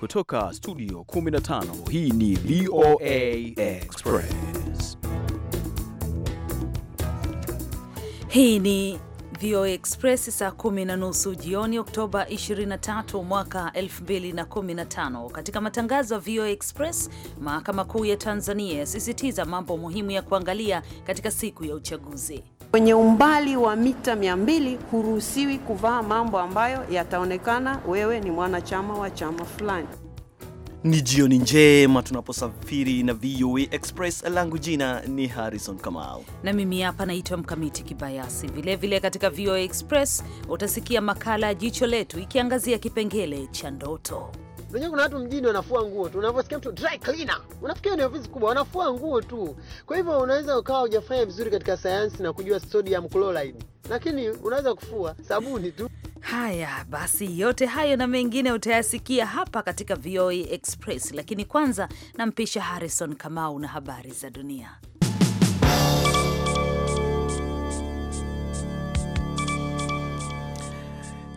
Kutoka studio 15 hii ni VOA Express. Hii ni VOA Express saa kumi na nusu jioni Oktoba 23 mwaka 2015. Katika matangazo ya VOA Express, mahakama kuu ya Tanzania yasisitiza mambo muhimu ya kuangalia katika siku ya uchaguzi. Kwenye umbali wa mita mia mbili huruhusiwi kuvaa mambo ambayo yataonekana wewe ni mwanachama wa chama fulani. Ni jioni njema tunaposafiri na VOA Express. Langu jina ni Harrison Kamau, na mimi hapa naitwa Mkamiti Kibayasi. Vilevile vile katika VOA Express utasikia makala ya Jicho Letu ikiangazia kipengele cha ndoto. Unajua kuna watu mjini wanafua nguo tu, unavyosikia mtu dry cleaner unafikia ni ofisi kubwa, wanafua nguo tu. Kwa hivyo unaweza ukawa hujafanya vizuri katika sayansi na kujua sodium chloride, lakini unaweza kufua sabuni tu. Haya basi, yote hayo na mengine utayasikia hapa katika VOA e Express, lakini kwanza nampisha Harrison Kamau na habari za dunia.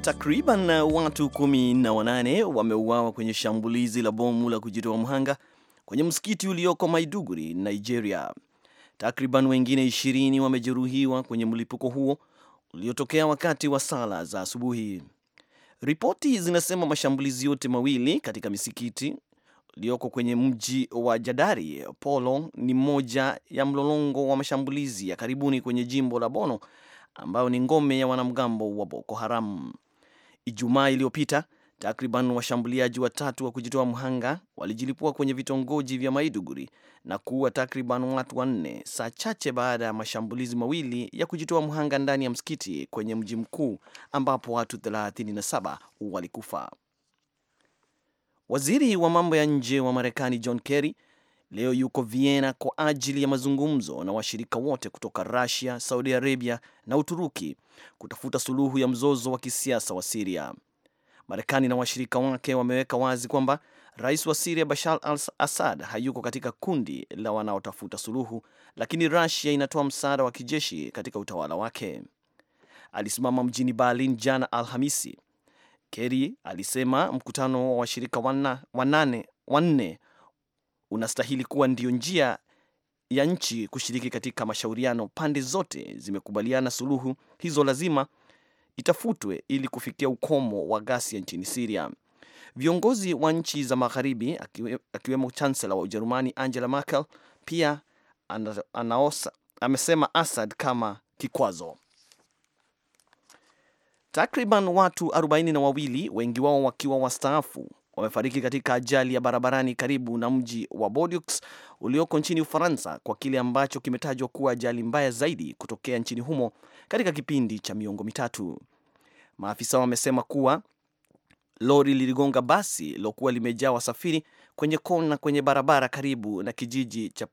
Takriban uh, watu kumi na wanane wameuawa kwenye shambulizi la bomu la kujitoa mhanga kwenye msikiti ulioko Maiduguri, Nigeria. Takriban wengine ishirini wamejeruhiwa kwenye mlipuko huo uliotokea wakati wa sala za asubuhi. Ripoti zinasema mashambulizi yote mawili katika misikiti ulioko kwenye mji wa Jadari Polo ni moja ya mlolongo wa mashambulizi ya karibuni kwenye jimbo la Bono ambayo ni ngome ya wanamgambo wa Boko Haram. Ijumaa iliyopita takriban washambuliaji watatu wa kujitoa mhanga walijilipua kwenye vitongoji vya Maiduguri na kuua takriban watu wanne saa chache baada ya mashambulizi mawili ya kujitoa mhanga ndani ya msikiti kwenye mji mkuu ambapo watu 37 walikufa. Waziri wa mambo ya nje wa Marekani John Kerry leo yuko Vienna kwa ajili ya mazungumzo na washirika wote kutoka Russia, Saudi Arabia na Uturuki kutafuta suluhu ya mzozo wa kisiasa wa Siria. Marekani na washirika wake wameweka wazi kwamba rais wa Siria Bashar al Assad hayuko katika kundi la wanaotafuta suluhu, lakini Russia inatoa msaada wa kijeshi katika utawala wake. Alisimama mjini Berlin jana Alhamisi. Kerry alisema mkutano wa washirika wanne unastahili kuwa ndiyo njia ya nchi kushiriki katika mashauriano. Pande zote zimekubaliana suluhu hizo lazima itafutwe ili kufikia ukomo wa ghasia nchini Siria. Viongozi wa nchi za magharibi akiwemo chansela wa Ujerumani Angela Merkel pia ana, anaosa, amesema Assad kama kikwazo. Takriban watu arobaini na wawili, wengi wao wakiwa wastaafu wamefariki katika ajali ya barabarani karibu na mji wa Bordeaux ulioko nchini Ufaransa, kwa kile ambacho kimetajwa kuwa ajali mbaya zaidi kutokea nchini humo katika kipindi cha miongo mitatu. Maafisa wamesema kuwa lori liligonga basi lilokuwa limejaa wasafiri kwenye kona kwenye barabara karibu na kijiji cha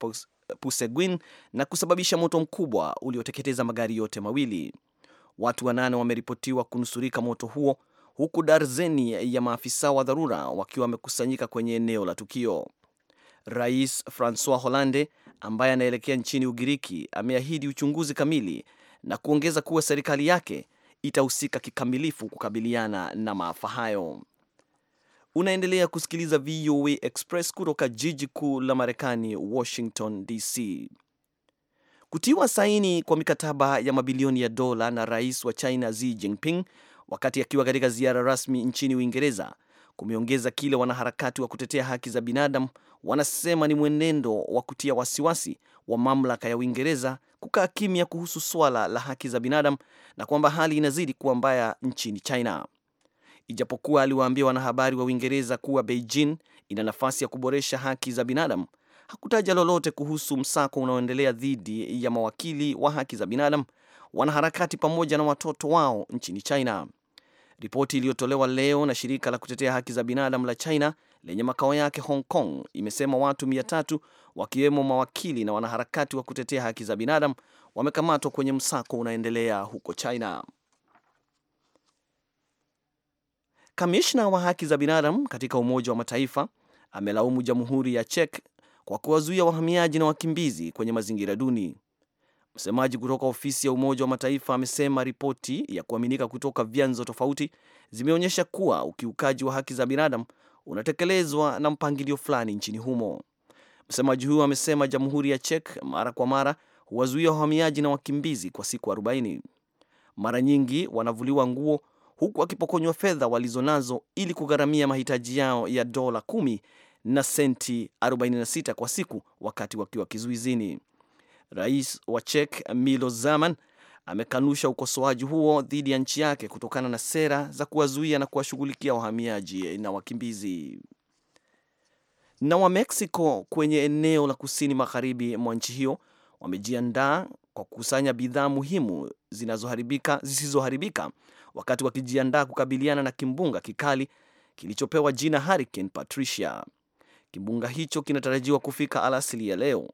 Puseguin na kusababisha moto mkubwa ulioteketeza magari yote mawili. Watu wanane wameripotiwa kunusurika moto huo huku darzeni ya maafisa wa dharura wakiwa wamekusanyika kwenye eneo la tukio. Rais Francois Hollande ambaye anaelekea nchini Ugiriki ameahidi uchunguzi kamili na kuongeza kuwa serikali yake itahusika kikamilifu kukabiliana na maafa hayo. Unaendelea kusikiliza VOA Express kutoka jiji kuu la Marekani, Washington DC. Kutiwa saini kwa mikataba ya mabilioni ya dola na rais wa China Xi Jinping wakati akiwa katika ziara rasmi nchini Uingereza kumeongeza kile wanaharakati wa kutetea haki za binadamu wanasema ni mwenendo wa kutia wasiwasi wa mamlaka ya Uingereza kukaa kimya kuhusu swala la haki za binadamu na kwamba hali inazidi kuwa mbaya nchini China. Ijapokuwa aliwaambia wanahabari wa Uingereza kuwa Beijing ina nafasi ya kuboresha haki za binadamu, hakutaja lolote kuhusu msako unaoendelea dhidi ya mawakili wa haki za binadamu, wanaharakati pamoja na watoto wao nchini China. Ripoti iliyotolewa leo na shirika la kutetea haki za binadamu la China lenye makao yake Hong Kong imesema watu mia tatu wakiwemo mawakili na wanaharakati wa kutetea haki za binadamu wamekamatwa kwenye msako unaendelea huko China. Kamishna wa haki za binadamu katika Umoja wa Mataifa amelaumu Jamhuri ya Czech kwa kuwazuia wahamiaji na wakimbizi kwenye mazingira duni. Msemaji kutoka ofisi ya Umoja wa Mataifa amesema ripoti ya kuaminika kutoka vyanzo tofauti zimeonyesha kuwa ukiukaji wa haki za binadamu unatekelezwa na mpangilio fulani nchini humo. Msemaji huyo amesema Jamhuri ya Czech mara kwa mara huwazuia wahamiaji na wakimbizi kwa siku 40. Mara nyingi wanavuliwa nguo huku wakipokonywa fedha walizonazo ili kugharamia mahitaji yao ya dola 10 na senti 46 kwa siku wakati wakiwa kizuizini. Rais wa Czech Milo Zeman amekanusha ukosoaji huo dhidi ya nchi yake kutokana na sera za kuwazuia na kuwashughulikia wahamiaji na wakimbizi. Na Mexico kwenye eneo la kusini magharibi mwa nchi hiyo wamejiandaa kwa kukusanya bidhaa muhimu zinazoharibika zisizoharibika wakati wakijiandaa kukabiliana na kimbunga kikali kilichopewa jina Hurricane Patricia. Kimbunga hicho kinatarajiwa kufika alasili ya leo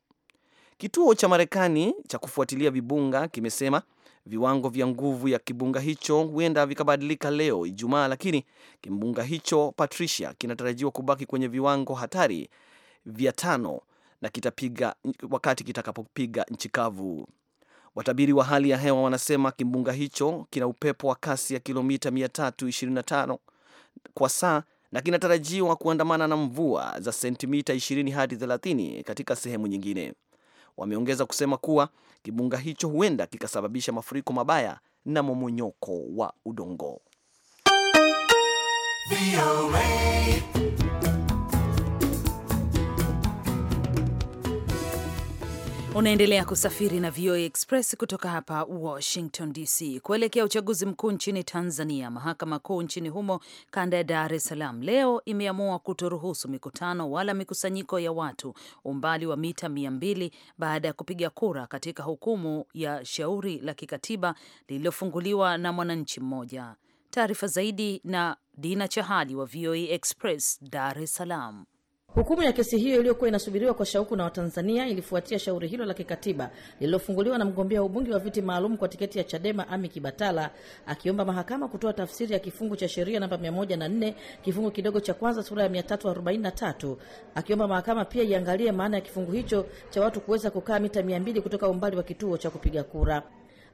Kituo cha Marekani cha kufuatilia vibunga kimesema viwango vya nguvu ya kibunga hicho huenda vikabadilika leo Ijumaa, lakini kimbunga hicho Patricia kinatarajiwa kubaki kwenye viwango hatari vya tano na kitapiga wakati kitakapopiga nchi kavu. Watabiri wa hali ya hewa wanasema kimbunga hicho kina upepo wa kasi ya kilomita 325 kwa saa na kinatarajiwa kuandamana na mvua za sentimita 20 hadi 30 katika sehemu nyingine. Wameongeza kusema kuwa kibunga hicho huenda kikasababisha mafuriko mabaya na momonyoko wa udongo. Unaendelea kusafiri na VOA Express kutoka hapa Washington DC. Kuelekea uchaguzi mkuu nchini Tanzania, mahakama kuu nchini humo kanda ya Dar es Salaam leo imeamua kutoruhusu mikutano wala mikusanyiko ya watu umbali wa mita mia mbili baada ya kupiga kura katika hukumu ya shauri la kikatiba lililofunguliwa na mwananchi mmoja. Taarifa zaidi na Dina Chahali wa VOA Express, Dar es Salaam. Hukumu ya kesi hiyo iliyokuwa inasubiriwa kwa shauku na Watanzania ilifuatia shauri hilo la kikatiba lililofunguliwa na mgombea wa ubunge wa viti maalum kwa tiketi ya Chadema Ami Kibatala akiomba mahakama kutoa tafsiri ya kifungu cha sheria namba 104 kifungu kidogo cha kwanza sura ya 343, akiomba mahakama pia iangalie maana ya kifungu hicho cha watu kuweza kukaa mita 200 kutoka umbali wa kituo cha kupiga kura.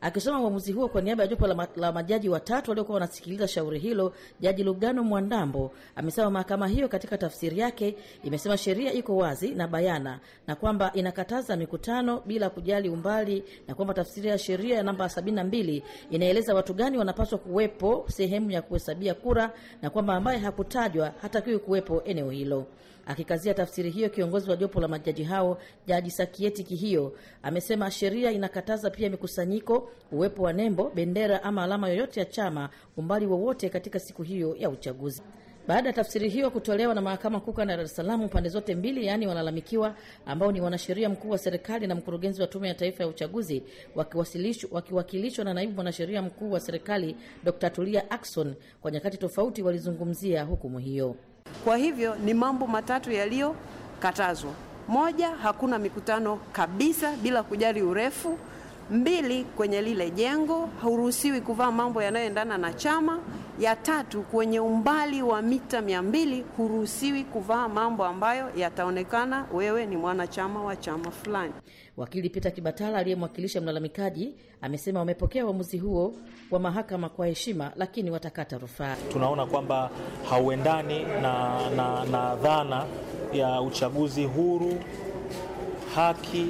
Akisoma uamuzi huo kwa niaba ya jopo la, la majaji watatu waliokuwa wanasikiliza shauri hilo, Jaji Lugano Mwandambo amesema mahakama hiyo katika tafsiri yake imesema sheria iko wazi na bayana na kwamba inakataza mikutano bila kujali umbali na kwamba tafsiri ya sheria ya namba 72 inaeleza watu gani wanapaswa kuwepo sehemu ya kuhesabia kura na kwamba ambaye hakutajwa hatakiwi kuwepo eneo hilo. Akikazia tafsiri hiyo, kiongozi wa jopo la majaji hao Jaji Sakieti Kihio amesema sheria inakataza pia mikusanyiko, uwepo wa nembo, bendera ama alama yoyote ya chama umbali wowote katika siku hiyo ya uchaguzi. Baada ya tafsiri hiyo kutolewa na mahakama kuu kanda ya Dar es Salaam, pande zote mbili, yaani walalamikiwa ambao ni wanasheria mkuu wa serikali na mkurugenzi wa Tume ya Taifa ya Uchaguzi, wakiwakilishwa na naibu mwanasheria mkuu wa serikali Dr. Tulia Ackson, kwa nyakati tofauti walizungumzia hukumu hiyo. Kwa hivyo ni mambo matatu yaliyokatazwa: moja, hakuna mikutano kabisa bila kujali urefu; mbili, kwenye lile jengo hauruhusiwi kuvaa mambo yanayoendana na chama; ya tatu, kwenye umbali wa mita mia mbili huruhusiwi kuvaa mambo ambayo yataonekana wewe ni mwanachama wa chama fulani. Wakili Peter Kibatala aliyemwakilisha mlalamikaji amesema wamepokea uamuzi huo wa mahakama kwa heshima, lakini watakata rufaa. Tunaona kwamba hauendani na, na, na dhana ya uchaguzi huru, haki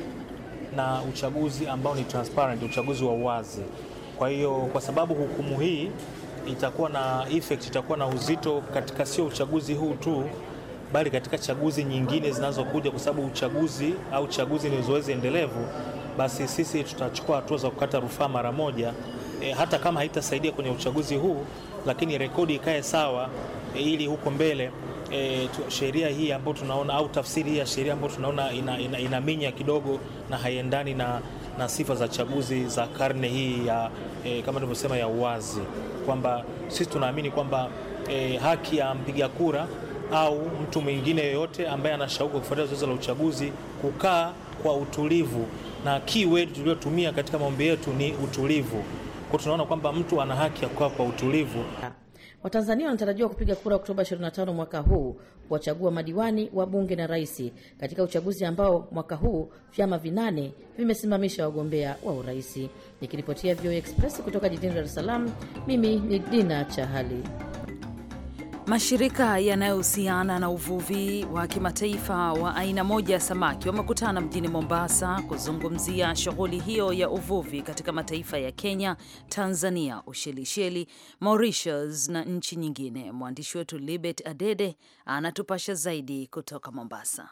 na uchaguzi ambao ni transparent, uchaguzi wa uwazi. Kwa hiyo kwa sababu hukumu hii itakuwa na effect, itakuwa na uzito katika sio uchaguzi huu tu, bali katika chaguzi nyingine zinazokuja, kwa sababu uchaguzi au chaguzi ni zoezi endelevu. Basi sisi tutachukua hatua za kukata rufaa mara moja, e, hata kama haitasaidia kwenye uchaguzi huu, lakini rekodi ikae sawa, e, ili huko mbele E, sheria hii ambayo tunaona au tafsiri hii ya sheria ambayo tunaona inaminya ina, ina, ina kidogo na haiendani na na sifa za chaguzi za karne hii ya e, kama tulivyosema ya uwazi, kwamba sisi tunaamini kwamba e, haki ya mpiga kura au mtu mwingine yoyote ambaye ana shauku kufuatia zoezi la uchaguzi kukaa kwa utulivu, na keyword tuliotumia katika maombi yetu ni utulivu, kwa tunaona kwamba mtu ana haki ya kukaa kwa utulivu. Watanzania wanatarajiwa kupiga kura Oktoba 25 mwaka huu kuwachagua madiwani wa bunge na rais katika uchaguzi ambao mwaka huu vyama vinane vimesimamisha wagombea wa urais. Nikiripotia VOA Express kutoka jijini Dar es Salaam, mimi ni Dina Chahali. Mashirika yanayohusiana na uvuvi wa kimataifa wa aina moja ya samaki wamekutana mjini Mombasa kuzungumzia shughuli hiyo ya uvuvi katika mataifa ya Kenya, Tanzania, Ushelisheli, Mauritius na nchi nyingine. Mwandishi wetu Libet Adede anatupasha zaidi kutoka Mombasa.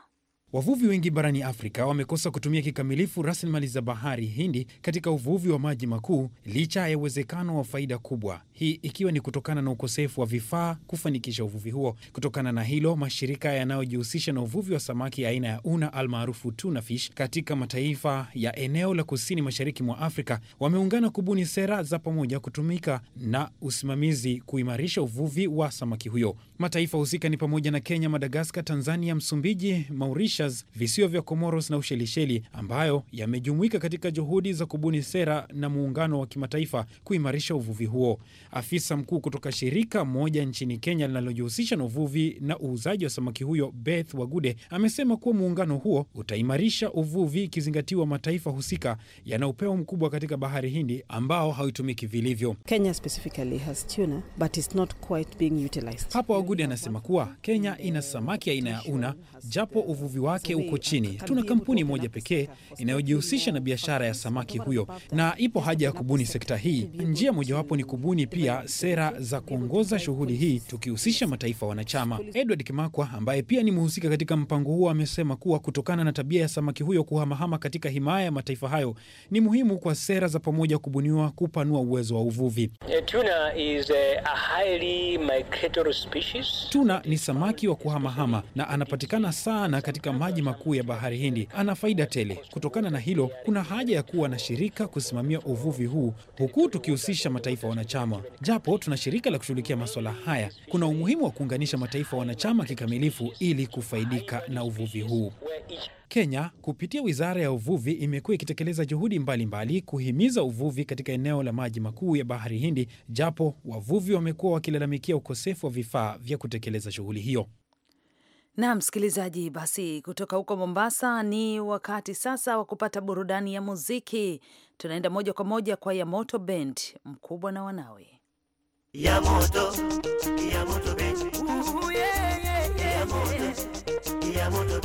Wavuvi wengi barani Afrika wamekosa kutumia kikamilifu rasilimali za bahari Hindi katika uvuvi wa maji makuu licha ya uwezekano wa faida kubwa, hii ikiwa ni kutokana na ukosefu wa vifaa kufanikisha uvuvi huo. Kutokana na hilo, mashirika yanayojihusisha na uvuvi wa samaki aina ya una almaarufu tuna fish katika mataifa ya eneo la kusini mashariki mwa Afrika wameungana kubuni sera za pamoja kutumika na usimamizi kuimarisha uvuvi wa samaki huyo. Mataifa husika ni pamoja na Kenya, Madagaskar, Tanzania, Msumbiji, Maurish Mauritius, visiwa vya Comoros na Ushelisheli, ambayo yamejumuika katika juhudi za kubuni sera na muungano wa kimataifa kuimarisha uvuvi huo. Afisa mkuu kutoka shirika moja nchini Kenya linalojihusisha na uvuvi na uuzaji wa samaki huyo, Beth Wagude, amesema kuwa muungano huo utaimarisha uvuvi ikizingatiwa mataifa husika yana upeo mkubwa katika bahari Hindi ambao hautumiki vilivyo. Hapo Wagude anasema kuwa Kenya ina samaki aina ya una, japo uvuvi wake uko chini. Tuna kampuni moja pekee inayojihusisha na biashara ya samaki huyo, na ipo haja ya kubuni sekta hii. Njia mojawapo ni kubuni pia sera za kuongoza shughuli hii, tukihusisha mataifa wanachama. Edward Kimakwa ambaye pia ni mhusika katika mpango huo amesema kuwa kutokana na tabia ya samaki huyo kuhamahama katika himaya ya mataifa hayo, ni muhimu kwa sera za pamoja kubuniwa kupanua uwezo wa uvuvi. Eh, tuna is a highly migratory species. Tuna ni samaki wa kuhamahama na anapatikana sana katika maji makuu ya bahari Hindi ana faida tele. Kutokana na hilo, kuna haja ya kuwa na shirika kusimamia uvuvi huu, huku tukihusisha mataifa wanachama. Japo tuna shirika la kushughulikia masuala haya, kuna umuhimu wa kuunganisha mataifa wanachama kikamilifu ili kufaidika na uvuvi huu. Kenya kupitia wizara ya uvuvi imekuwa ikitekeleza juhudi mbalimbali mbali kuhimiza uvuvi katika eneo la maji makuu ya bahari Hindi, japo wavuvi wamekuwa wakilalamikia ukosefu wa vifaa vya kutekeleza shughuli hiyo na msikilizaji, basi kutoka huko Mombasa ni wakati sasa wa kupata burudani ya muziki. Tunaenda moja kwa moja kwa Yamoto Band, mkubwa na wanawe. Yamoto, Yamoto Band. Ooh, yeah, yeah, yeah, yeah, Yamoto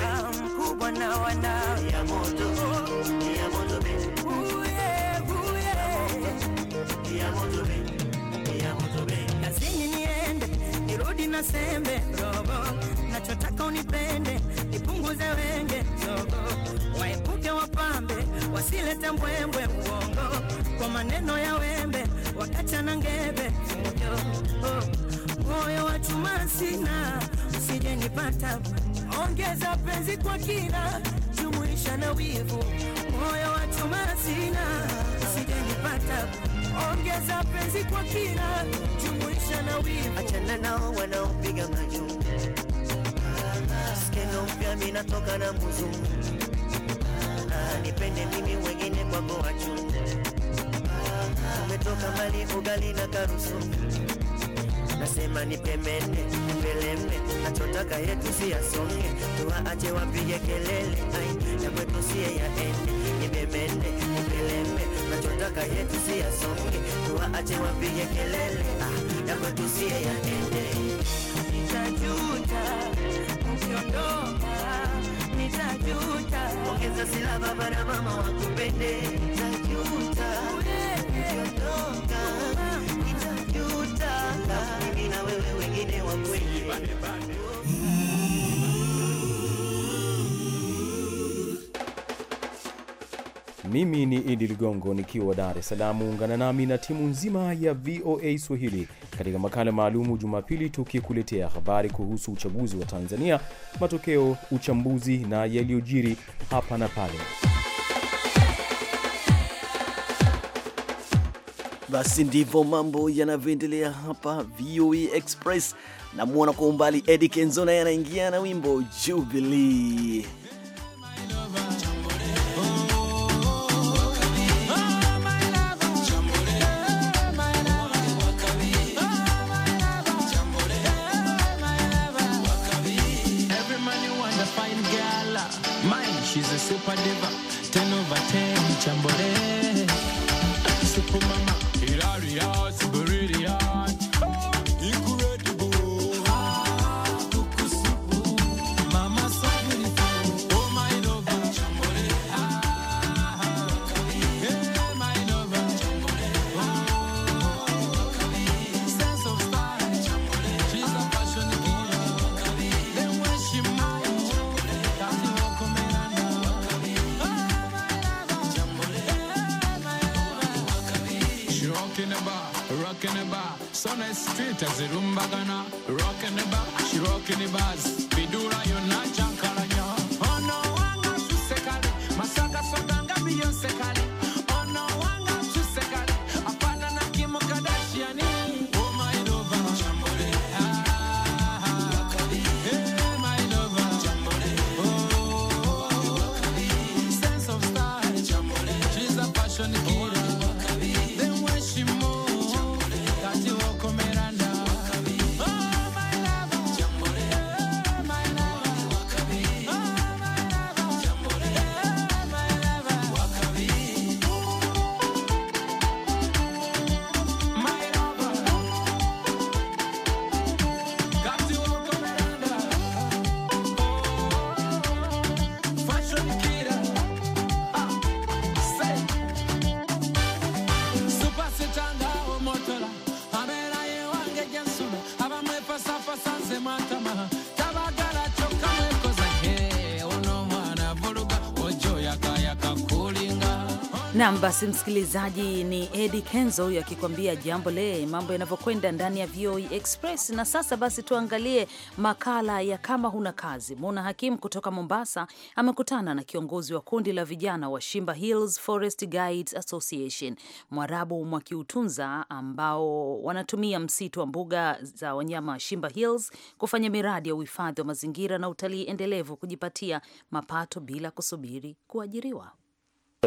ah, niende, nirudi na sembe robo nataka unipende, nipunguze wenge zogo, waepuke wapambe, wasilete mbwembwe, uongo kwa maneno ya wembe, wakachana ngebe fujo. Oh, moyo wa chuma sina, usije nipata, ongeza penzi kwa kina, jumuisha na wivu. Moyo wa chuma sina, usije nipata, ongeza penzi kwa kina, jumuisha na wivu. Achana nao wanaopiga majungu Kendo mpya mimi na mzungu. Ah, nipende mimi wengine kwako wachu. Tumetoka mbali ugali na karusu. Nasema nipemende, nipelembe, nachotaka yetu si yasonge, tuwaache wapige kelele, ai, ya kwetu siye yaende, nipemende, nipelembe, nachotaka yetu si yasonge, tuwaache wapige kelele, ah, ya kwetu siye yaende, nitajuta ukiondoka nitajuta. Ongeza silaha baba na mama wakupende, nitajuta ukiondoka Mimi ni Idi Ligongo nikiwa Dar es Salaam. Ungana nami na timu nzima ya VOA Swahili katika makala maalumu Jumapili, tukikuletea habari kuhusu uchaguzi wa Tanzania, matokeo, uchambuzi na yaliyojiri hapa na pale. Basi ndivyo mambo yanavyoendelea hapa VOA Express. Namwona kwa umbali edi Kenzo naye anaingia na wimbo jubilii Street taxi room bagana, rockin' the bar, she rockin' the bars. Nam basi, msikilizaji, ni edi Kenzo huyo akikwambia jambo le mambo yanavyokwenda ndani ya VOA e Express. Na sasa basi, tuangalie makala ya kama huna kazi. Muna Hakimu kutoka Mombasa amekutana na kiongozi wa kundi la vijana wa Shimba Hills Forest Guides Association, Mwarabu Mwakiutunza, ambao wanatumia msitu wa mbuga za wanyama wa Shimba Hills kufanya miradi ya uhifadhi wa mazingira na utalii endelevu, kujipatia mapato bila kusubiri kuajiriwa.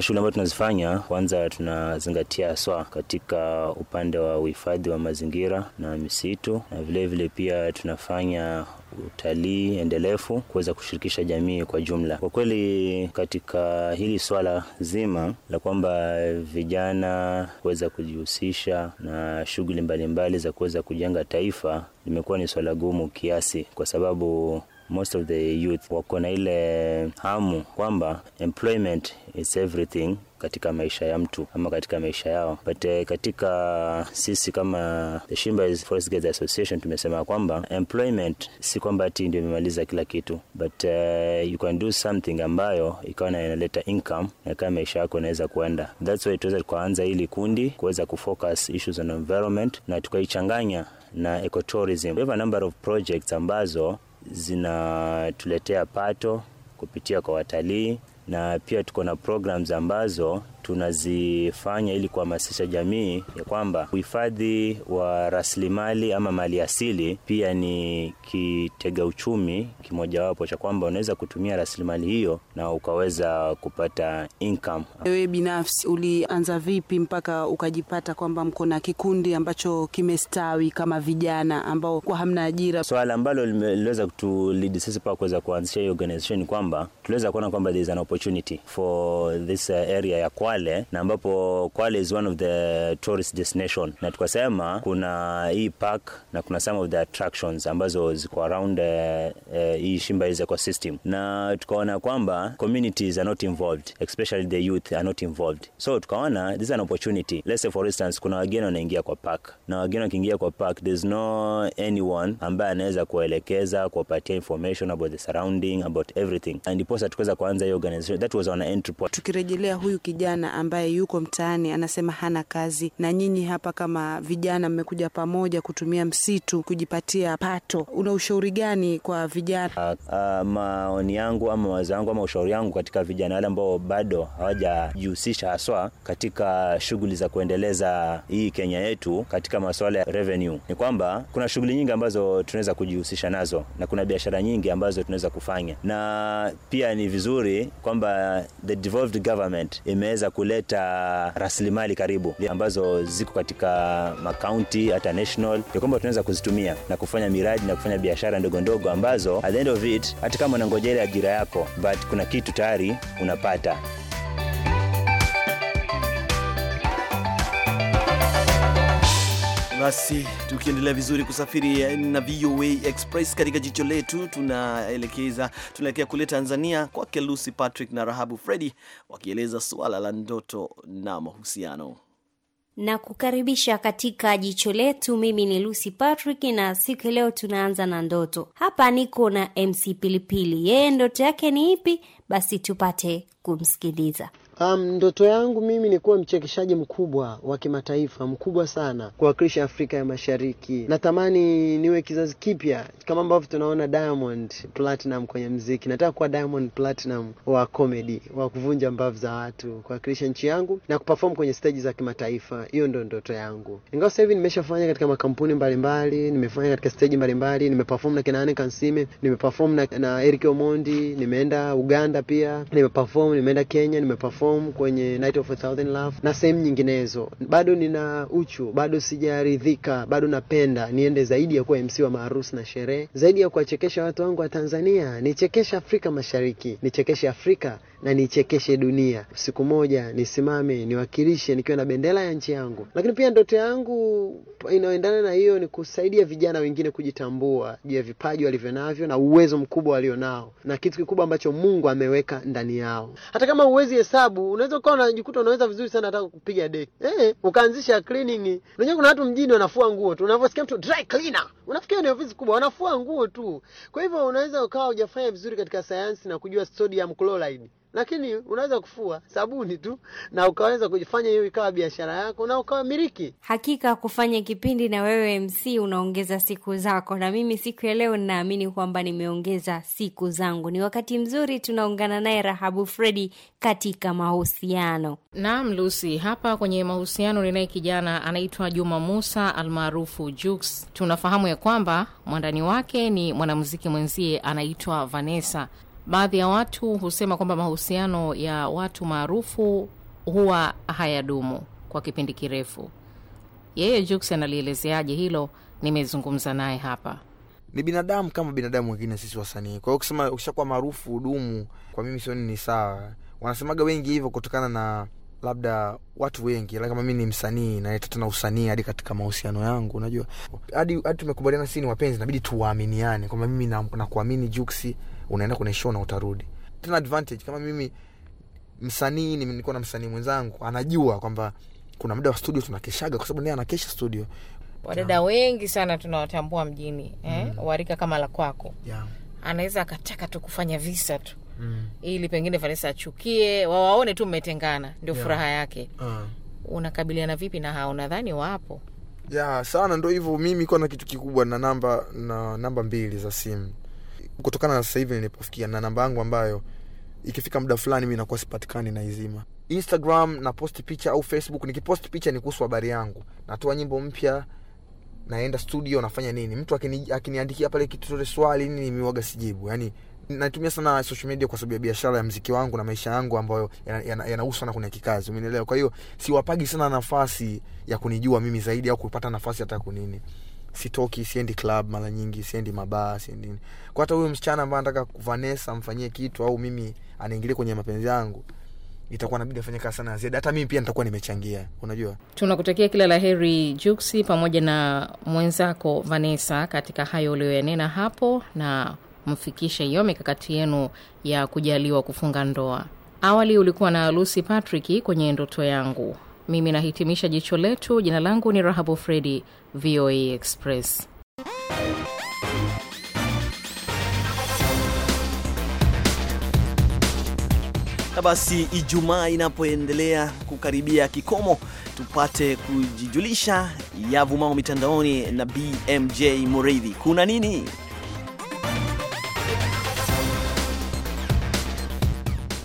Shughuli ambayo tunazifanya kwanza, tunazingatia swa katika upande wa uhifadhi wa mazingira na misitu, na vilevile vile pia tunafanya utalii endelefu kuweza kushirikisha jamii kwa jumla. Kwa kweli katika hili swala zima la kwamba vijana kuweza kujihusisha na shughuli mbalimbali za kuweza kujenga taifa limekuwa ni swala gumu kiasi, kwa sababu most of the youth wako na ile hamu kwamba employment is everything katika maisha ya mtu ama katika maisha yao but uh, katika sisi kama the Shimbas Forest Guards Association tumesema kwamba employment si kwamba ati ndio imemaliza kila kitu but uh, you can do something ambayo ikawa na inaleta income na kama maisha yako inaweza kuenda that's why tuweza tukaanza hili kundi kuweza kufocus issues on environment na tukaichanganya na ecotourism we have a number of projects ambazo zinatuletea pato kupitia kwa watalii na pia tuko na programs ambazo tunazifanya ili kuhamasisha jamii ya kwamba uhifadhi wa rasilimali ama mali asili pia ni kitega uchumi kimojawapo cha kwamba unaweza kutumia rasilimali hiyo na ukaweza kupata income. Wewe binafsi ulianza vipi mpaka ukajipata kwamba mko na kikundi ambacho kimestawi kama vijana ambao kwa hamna ajira? Swala ambalo liliweza kutulead sisi kuweza kuanzisha hiyo organization kwamba tuliweza kuona kwamba there is an opportunity for this uh, area ya Kwale Kwale na ambapo Kwale is one of the tourist destination, na tukasema kuna hii park na kuna some of the attractions ambazo ziko around eh, eh, hii uh, uh, Shimba is eco system, na tukaona kwamba communities are not involved especially the youth are not involved, so tukaona this is an opportunity. Let's say for instance kuna wageni wanaingia kwa park, na wageni wakiingia kwa park there's no anyone ambaye anaweza kuwaelekeza kuwapatia information about the surrounding about everything, and ndiposa tukaweza kuanza hiyo organization that was on entry point, tukirejelea huyu kijana kijana ambaye yuko mtaani anasema hana kazi, na nyinyi hapa kama vijana mmekuja pamoja kutumia msitu kujipatia pato, una ushauri gani kwa vijana? Ah, ah, maoni yangu ama mawazo yangu ama ushauri yangu katika vijana wale ambao bado hawajajihusisha haswa katika shughuli za kuendeleza hii Kenya yetu katika masuala ya revenue, ni kwamba kuna shughuli nyingi ambazo tunaweza kujihusisha nazo na kuna biashara nyingi ambazo tunaweza kufanya, na pia ni vizuri kwamba the devolved government imeweza kuleta rasilimali karibu ambazo ziko katika makaunti hata national, ya kwamba tunaweza kuzitumia na kufanya miradi na kufanya biashara ndogo ndogo ambazo at the end of it, hata kama unangojea ajira yako, but kuna kitu tayari unapata. Basi tukiendelea vizuri kusafiri eh, na VOA Express katika jicho letu, tunaelekeza tunaelekea kule Tanzania kwake Lucy Patrick na Rahabu Fredi wakieleza suala la ndoto na mahusiano na kukaribisha katika jicho letu. Mimi ni Lucy Patrick na siku leo tunaanza na ndoto. Hapa niko na MC Pilipili, yeye ndoto yake ni ipi? Basi tupate kumsikiliza. Ndoto yangu mimi ni kuwa mchekeshaji mkubwa wa kimataifa, mkubwa sana, kuwakilisha Afrika ya Mashariki. Natamani niwe kizazi kipya, kama ambavyo tunaona Diamond Platinum kwenye mziki. Nataka kuwa Diamond Platinum wa comedy, wa kuvunja mbavu za watu, kuwakilisha nchi yangu na kuperform kwenye stage za kimataifa. Hiyo ndo ndoto yangu, ingawa sasa hivi nimeshafanya katika makampuni mbalimbali, nimefanya katika stage mbalimbali, nimeperform na kina Anne Kansime, nimeperform na, na Eric Omondi, nimeenda Uganda pia nimeperform, nimeenda Kenya nimeperform perform kwenye Night of a Thousand Love na sehemu nyinginezo. Bado nina uchu, bado sijaridhika, bado napenda niende zaidi ya kuwa MC wa maharusi na sherehe, zaidi ya kuwachekesha watu wangu wa Tanzania, nichekeshe Afrika Mashariki, nichekeshe Afrika na nichekeshe dunia. Siku moja nisimame niwakilishe nikiwa na bendera ya nchi yangu. Lakini pia ndoto yangu inayoendana na hiyo ni kusaidia vijana wengine kujitambua juu ya vipaji walivyo navyo na uwezo mkubwa walio nao na kitu kikubwa ambacho Mungu ameweka ndani yao. Hata kama uwezi hesabu, unaweza ukawa unajikuta unaweza vizuri sana hata kupiga deki eh, ukaanzisha cleaning. Unajua kuna watu mjini wanafua nguo tu, unavyosikia mtu dry cleaner unafikia ni ofisi kubwa, wanafua nguo tu. Kwa hivyo unaweza ukawa hujafanya vizuri katika sayansi na kujua sodium chloride lakini unaweza kufua sabuni tu na ukaweza kujifanya hiyo ikawa biashara yako na ukawa Hakika kufanya kipindi na wewe MC unaongeza siku zako, na mimi siku ya leo ninaamini kwamba nimeongeza siku zangu. Ni wakati mzuri tunaungana naye Rahabu Fredi katika mahusiano. Naam lusi hapa kwenye mahusiano ninaye kijana anaitwa Juma Musa almaarufu Jux. Tunafahamu ya kwamba mwandani wake ni mwanamziki mwenzie anaitwa Vanessa. Baadhi ya watu husema kwamba mahusiano ya watu maarufu huwa hayadumu kwa kipindi kirefu. Yeye jukson analielezeaje hilo? Nimezungumza naye hapa. Ni binadamu kama binadamu wengine, sisi wasanii. Kwa hiyo kusema ukishakuwa maarufu hudumu, kwa mimi sioni ni sawa. Wanasemaga wengi hivyo kutokana na labda watu wengi kama mi ni msanii naleta tena usanii hadi katika mahusiano yangu unajua hadi hadi tumekubaliana sisi ni wapenzi inabidi tuwaaminiane kwamba mimi nakuamini na, na juksi unaenda kwenye show na utarudi tena advantage kama mimi msanii nilikuwa na msanii mwenzangu anajua kwamba kuna muda wa studio tunakeshaga kwa sababu naye anakesha studio wadada yeah. wengi sana tunawatambua mjini eh? mm. warika kama la kwako yeah. anaweza akataka tu kufanya visa tu mm. ili pengine Vanessa achukie, wawaone tu mmetengana, ndio yeah. furaha yake uh. Unakabiliana vipi na hao? Nadhani wapo ya yeah, sana, ndo hivyo. Mimi kuwa na kitu kikubwa na namba na namba mbili za simu, kutokana na sasa hivi nilipofikia na namba yangu ambayo ikifika muda fulani mi nakuwa sipatikani na izima Instagram na posti picha au Facebook. Nikiposti picha ni kuhusu habari yangu, natoa nyimbo mpya, naenda studio, nafanya nini. Mtu akiniandikia akini, pale kitutote swali nini, miwaga sijibu, yani natumia sana social media kwa sababu ya biashara ya mziki wangu na maisha yangu ambayo yanahusu yana, yana sana kuna kikazi umenielewa kwa hiyo siwapagi sana nafasi ya kunijua mimi zaidi au kupata nafasi hata kunini sitoki siendi club mara nyingi siendi mabaa siendi kwa hata huyo msichana ambaye anataka vanessa amfanyie kitu au mimi anaingilia kwenye mapenzi yangu itakuwa nabidi afanye kazi sana zaidi hata mimi pia nitakuwa nimechangia unajua tunakutakia kila la heri juksi pamoja na mwenzako vanessa katika hayo ulioyanena hapo na mfikishe hiyo mikakati yenu ya kujaliwa kufunga ndoa. Awali ulikuwa na Lucy Patrick kwenye ndoto yangu. Mimi nahitimisha jicho letu. Jina langu ni Rahabu Fredi, VOA Express. Na basi Ijumaa inapoendelea kukaribia kikomo, tupate kujijulisha yavumao mitandaoni na BMJ Mureithi. Kuna nini?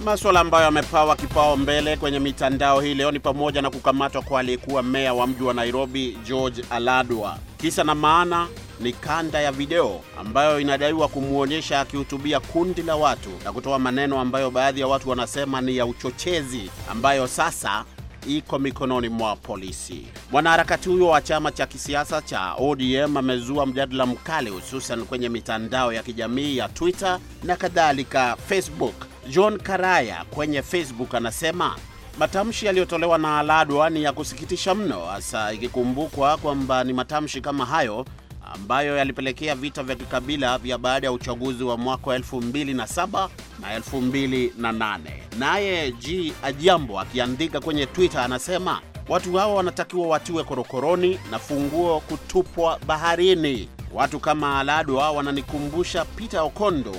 Maswala ambayo yamepawa kipao mbele kwenye mitandao hii leo ni pamoja na kukamatwa kwa aliyekuwa meya wa mji wa Nairobi George Aladwa. Kisa na maana ni kanda ya video ambayo inadaiwa kumwonyesha akihutubia kundi la watu na kutoa maneno ambayo baadhi ya watu wanasema ni ya uchochezi ambayo sasa iko mikononi mwa polisi. Mwanaharakati huyo wa chama cha kisiasa cha ODM amezua mjadala mkali, hususan kwenye mitandao ya kijamii ya Twitter na kadhalika Facebook John Karaya kwenye Facebook anasema matamshi yaliyotolewa na Aladwa ni ya kusikitisha mno, hasa ikikumbukwa kwamba ni matamshi kama hayo ambayo yalipelekea vita vya kikabila vya baada ya uchaguzi wa mwaka wa 2007 na 28 Naye G Ajambo akiandika kwenye Twitter anasema watu hawa wanatakiwa watiwe korokoroni na funguo kutupwa baharini. Watu kama Aladwa wananikumbusha Peter Okondo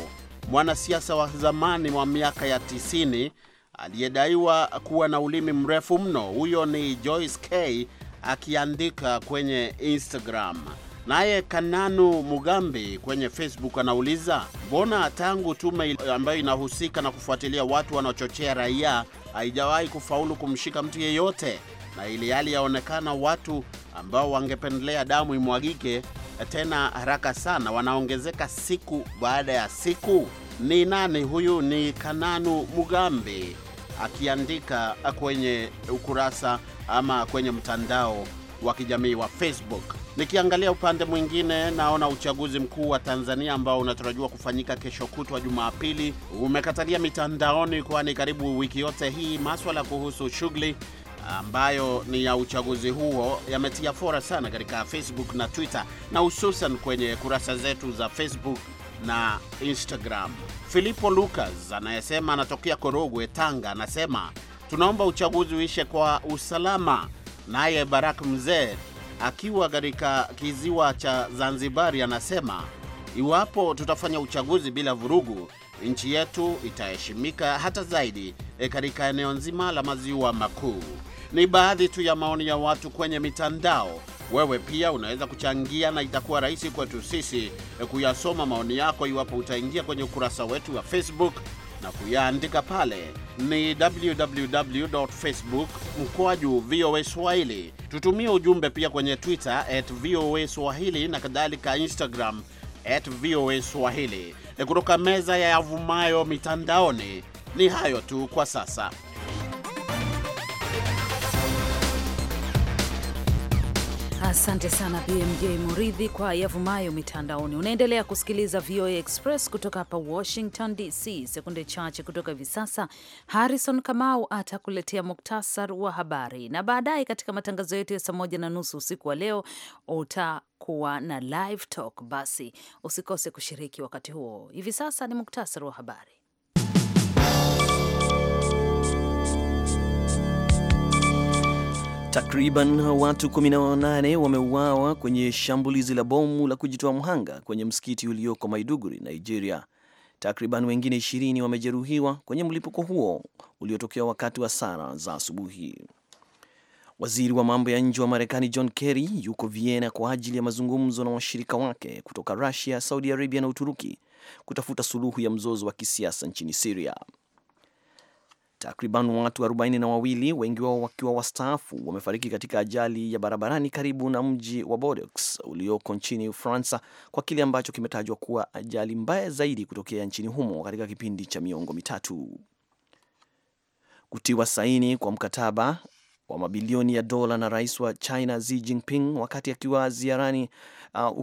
mwanasiasa wa zamani wa miaka ya 90 aliyedaiwa kuwa na ulimi mrefu mno. Huyo ni Joyce K akiandika kwenye Instagram. Naye Kananu Mugambi kwenye Facebook anauliza mbona tangu tume ambayo inahusika na kufuatilia watu wanaochochea raia haijawahi kufaulu kumshika mtu yeyote, na ili hali yaonekana watu ambao wangependelea damu imwagike tena haraka sana, wanaongezeka siku baada ya siku. Ni nani huyu? Ni Kananu Mugambi akiandika kwenye ukurasa ama kwenye mtandao wa kijamii wa Facebook. Nikiangalia upande mwingine, naona uchaguzi mkuu wa Tanzania ambao unatarajiwa kufanyika kesho kutwa Jumapili umekatalia mitandaoni, kwani karibu wiki yote hii maswala kuhusu shughuli ambayo ni ya uchaguzi huo yametia fora sana katika Facebook na Twitter na hususan kwenye kurasa zetu za Facebook na Instagram. Filipo Lucas anayesema anatokea Korogwe, Tanga, anasema tunaomba uchaguzi uishe kwa usalama. Naye Barak Mzee akiwa katika kiziwa cha Zanzibari anasema iwapo tutafanya uchaguzi bila vurugu, nchi yetu itaheshimika hata zaidi e, katika eneo nzima la maziwa makuu. Ni baadhi tu ya maoni ya watu kwenye mitandao. Wewe pia unaweza kuchangia na itakuwa rahisi kwetu sisi eh, kuyasoma maoni yako iwapo utaingia kwenye ukurasa wetu wa Facebook na kuyaandika pale. Ni www facebook mkwaju VOA Swahili. Tutumie ujumbe pia kwenye Twitter at VOA Swahili na kadhalika, Instagram at VOA Swahili. Eh, kutoka meza ya yavumayo mitandaoni, ni hayo tu kwa sasa. Asante sana BMJ Muridhi kwa yavumayo mitandaoni. Unaendelea kusikiliza VOA Express kutoka hapa Washington DC. Sekunde chache kutoka hivi sasa, Harrison Kamau atakuletea muktasar wa habari, na baadaye katika matangazo yetu ya saa moja na nusu usiku wa leo utakuwa na live talk. Basi usikose kushiriki wakati huo. Hivi sasa ni muktasar wa habari. Takriban watu 18 wameuawa kwenye shambulizi la bomu la kujitoa mhanga kwenye msikiti ulioko Maiduguri, Nigeria. Takriban wengine 20 wamejeruhiwa kwenye mlipuko huo uliotokea wakati wa sara za asubuhi. Waziri wa mambo ya nje wa Marekani John Kerry yuko Vienna kwa ajili ya mazungumzo na washirika wake kutoka Russia, Saudi Arabia na Uturuki kutafuta suluhu ya mzozo wa kisiasa nchini siria Takriban watu arobaini na wawili, wengi wao wakiwa wastaafu, wamefariki katika ajali ya barabarani karibu na mji wa Bordeaux ulioko nchini Ufaransa, kwa kile ambacho kimetajwa kuwa ajali mbaya zaidi kutokea nchini humo katika kipindi cha miongo mitatu. Kutiwa saini kwa mkataba wa mabilioni ya dola na rais wa China Xi Jinping wakati akiwa ziarani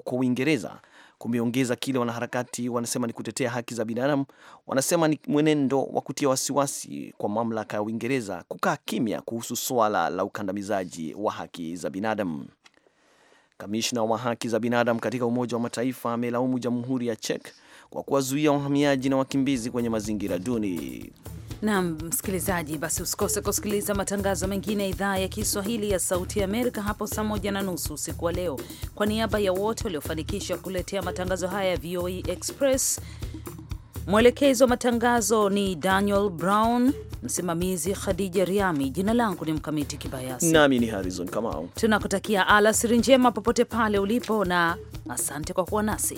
uh, Uingereza kumeongeza kile wanaharakati wanasema ni kutetea haki za binadamu, wanasema ni mwenendo wa kutia wasiwasi kwa mamlaka ya Uingereza kukaa kimya kuhusu swala la ukandamizaji wa haki za binadamu. Kamishna wa haki za binadamu katika Umoja wa Mataifa amelaumu Jamhuri ya Czech kwa kuwazuia wahamiaji na wakimbizi kwenye mazingira duni na msikilizaji, basi usikose kusikiliza matangazo mengine ya idhaa ya Kiswahili ya Sauti ya Amerika hapo saa moja na nusu usiku wa leo. Kwa niaba ya wote waliofanikisha kuletea matangazo haya ya VOA e Express, mwelekezi wa matangazo ni Daniel Brown, msimamizi Khadija Riami, jina langu ni Mkamiti Kibayasi nami ni Harizon Kamau. Tunakutakia alasiri njema popote pale ulipo, na asante kwa kuwa nasi.